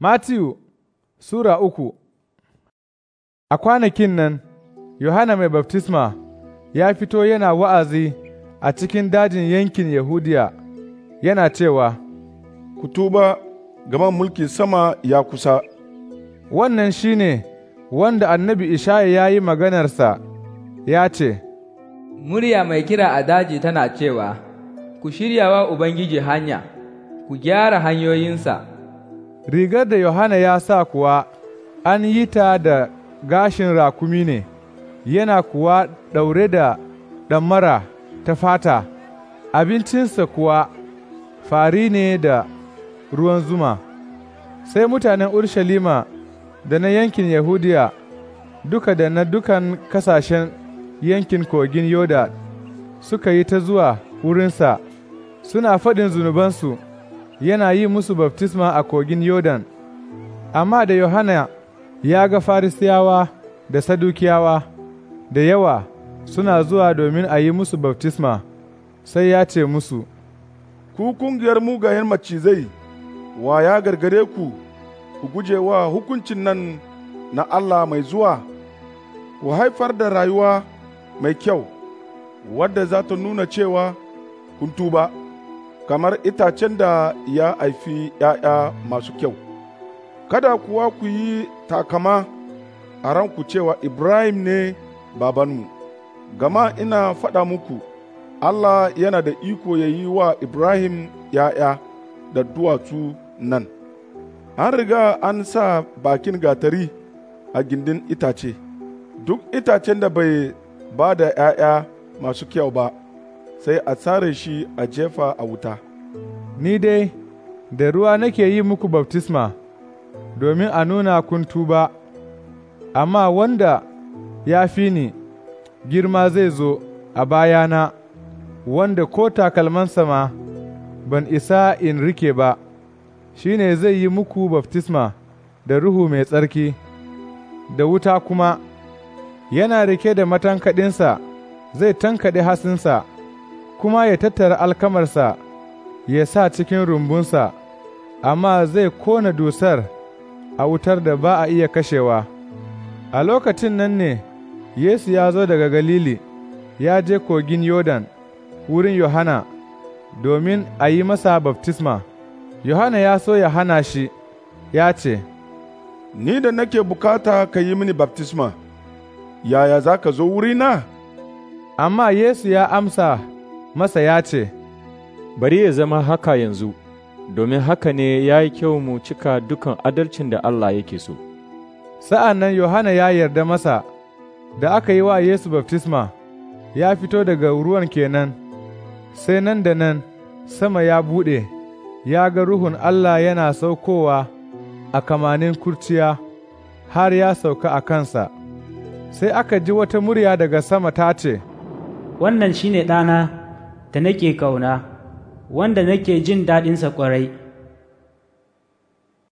Matiyu Sura uku A kwanakin nan, Yohana Mai Baftisma ya fito yana wa'azi a cikin dajin yankin Yahudiya, yana cewa, Ku tuba, gaban mulkin sama ya kusa. Wannan shi ne wanda annabi Ishaya ya yi maganarsa, ya ce, Murya mai kira a daji tana cewa, Ku shirya wa Ubangiji hanya, ku gyara hanyoyinsa. Rigar da Yohana ya sa kuwa an yi ta da gashin rakumi ne, yana kuwa ɗaure da ɗamara ta fata, abincinsa kuwa fari ne da ruwan zuma. Sai mutanen Urshalima da na yankin Yahudiya duka da na dukan kasashen yankin kogin Yoda suka yi ta zuwa wurinsa, suna faɗin zunubansu. yana yi musu baftisma a kogin Yodan, amma da Yohana ya ga Farisiyawa da Sadukiyawa da yawa suna zuwa domin a yi musu baftisma, sai ya ce musu, Ku kungiyar mugayen macizai, wa ya gargare ku, ku guje wa hukuncin nan na Allah mai zuwa, ku haifar da rayuwa mai kyau, wadda za ta nuna cewa kun tuba. kamar itacen da ya haifi ’ya'ya masu kyau, kada kuwa ku yi takama a ranku cewa Ibrahim ne babanmu, gama ina faɗa muku, Allah yana da iko ya yi wa Ibrahim ’ya'ya da duwatsu nan. An riga an sa bakin gatari a gindin itace, duk itacen da bai ba da ’ya'ya masu kyau ba. sai a tsare shi a jefa a wuta. Ni dai, da ruwa nake yi muku baftisma, domin a nuna kun tuba, amma wanda ya fi ni girma zai zo a bayana, wanda ko takalmansa ma ban isa in rike ba, shi ne zai yi muku baftisma da Ruhu mai tsarki, da wuta kuma, yana rike da matankaɗinsa zai tankaɗe hasinsa. kuma ya tattara alkamarsa ya sa cikin rumbunsa, amma zai kona dusar a wutar da ba a iya kashewa. A lokacin nan ne, Yesu ya zo daga Galili, ya je kogin Yodan, wurin Yohana, domin a yi masa baftisma. Yohana ya so ya hana shi, ya ce, Ni da nake bukata ka yi mini baftisma, yaya za ka zo wurina? Amma Yesu ya amsa, masa ya ce, Bari ya zama haka yanzu, domin haka ne ya yi kyau mu cika dukan adalcin da Allah yake so. Sa'an nan Yohana ya yarda masa da aka yi wa Yesu baftisma, ya fito daga ruwan kenan, sai nan da nan sama ya buɗe, ya ga Ruhun Allah yana saukowa a kamanin kurciya har ya sauka a kansa. Sai aka ji wata murya daga sama ta ce, Wannan shi ne ɗana. da nake ƙauna wanda nake jin daɗinsa ƙwarai